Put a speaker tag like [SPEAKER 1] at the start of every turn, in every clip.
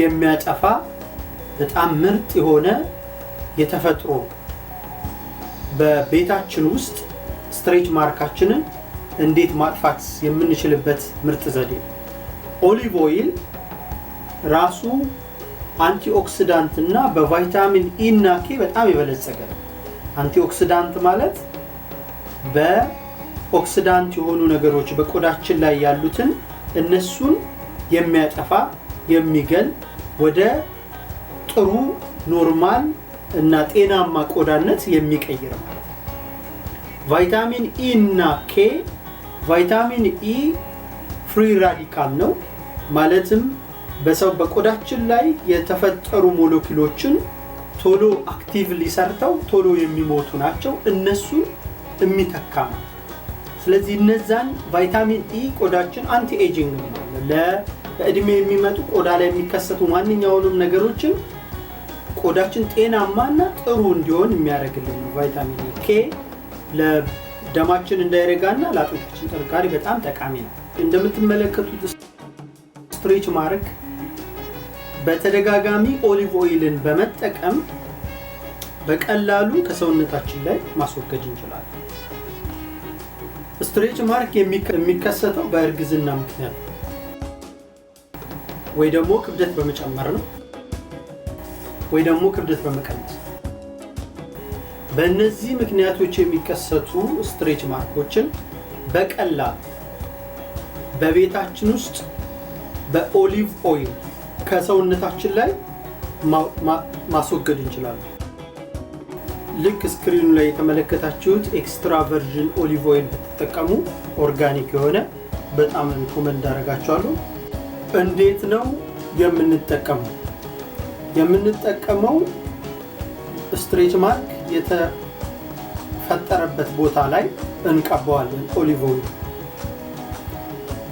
[SPEAKER 1] የሚያጠፋ በጣም ምርጥ የሆነ የተፈጥሮ በቤታችን ውስጥ ስትሬች ማርካችንን እንዴት ማጥፋት የምንችልበት ምርጥ ዘዴ ነው። ኦሊቭ ኦይል ራሱ አንቲኦክሲዳንት እና በቫይታሚን ኢ እና ኬ በጣም የበለጸገ ነው። አንቲኦክሲዳንት ማለት በኦክሲዳንት የሆኑ ነገሮች በቆዳችን ላይ ያሉትን እነሱን የሚያጠፋ የሚገል ወደ ጥሩ ኖርማል እና ጤናማ ቆዳነት የሚቀይር ማለት ነው። ቫይታሚን ኢ e እና ኬ ቫይታሚን ኢ ፍሪ ራዲካል ነው ማለትም በሰው በቆዳችን ላይ የተፈጠሩ ሞለኪሎችን ቶሎ አክቲቭሊ ሰርተው ቶሎ የሚሞቱ ናቸው። እነሱን የሚተካ ነው። ስለዚህ እነዛን ቫይታሚን ኢ e ቆዳችን አንቲ ኤጂንግ ነው በእድሜ የሚመጡ ቆዳ ላይ የሚከሰቱ ማንኛውንም ነገሮችን ቆዳችን ጤናማና ጥሩ እንዲሆን የሚያደርግልን ቫይታሚን ኬ ለደማችን እንዳይረጋና ለአጥንታችን ጥንካሬ በጣም ጠቃሚ ነው። እንደምትመለከቱት ስትሬች ማድረግ በተደጋጋሚ ኦሊቭ ኦይልን በመጠቀም በቀላሉ ከሰውነታችን ላይ ማስወገድ እንችላለን። ስትሬች ማርክ የሚከሰተው በእርግዝና ምክንያት ነው። ወይ ደግሞ ክብደት በመጨመር ነው ወይ ደግሞ ክብደት በመቀነስ። በእነዚህ ምክንያቶች የሚከሰቱ ስትሬች ማርኮችን በቀላል በቤታችን ውስጥ በኦሊቭ ኦይል ከሰውነታችን ላይ ማስወገድ እንችላለን። ልክ ስክሪኑ ላይ የተመለከታችሁት ኤክስትራ ቨርዥን ኦሊቭ ኦይል ብትጠቀሙ ኦርጋኒክ የሆነ በጣም ሪኮመንድ አደርጋችኋለሁ። እንዴት ነው የምንጠቀመው? የምንጠቀመው ስትሬች ማርክ የተፈጠረበት ቦታ ላይ እንቀባዋለን ኦሊቭ ኦይል።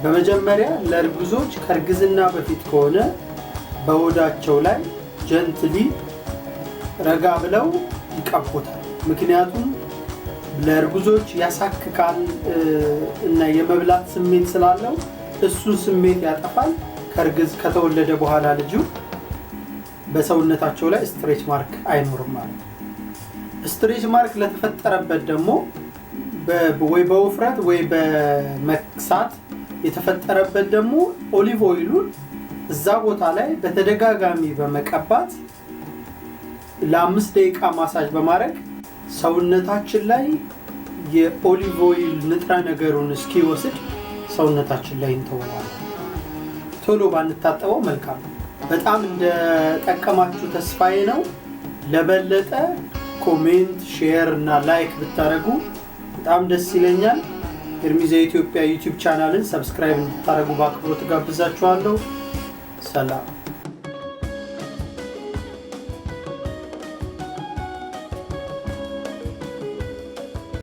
[SPEAKER 1] በመጀመሪያ ለእርጉዞች ከእርግዝና በፊት ከሆነ በወዳቸው ላይ ጀንትሊ ረጋ ብለው ይቀቡታል። ምክንያቱም ለእርጉዞች ያሳክካል እና የመብላት ስሜት ስላለው እሱን ስሜት ያጠፋል። ከእርግዝ ከተወለደ በኋላ ልጁ በሰውነታቸው ላይ ስትሬች ማርክ አይኖርም ማለት ነው። ስትሬች ማርክ ለተፈጠረበት ደግሞ ወይ በውፍረት ወይ በመክሳት የተፈጠረበት ደግሞ ኦሊቭ ኦይሉን እዛ ቦታ ላይ በተደጋጋሚ በመቀባት ለአምስት ደቂቃ ማሳጅ በማድረግ ሰውነታችን ላይ የኦሊቭ ኦይል ንጥረ ነገሩን እስኪወስድ ሰውነታችን ላይ እንተውለዋለን። ቶሎ ባንታጠበው መልካም። በጣም እንደጠቀማችሁ ተስፋዬ ነው። ለበለጠ ኮሜንት፣ ሼር እና ላይክ ብታደረጉ በጣም ደስ ይለኛል። ኤርሚዛ የኢትዮጵያ ዩቲዩብ ቻናልን ሰብስክራይብ እንድታደረጉ በአክብሮት ጋብዛችኋለሁ። ሰላም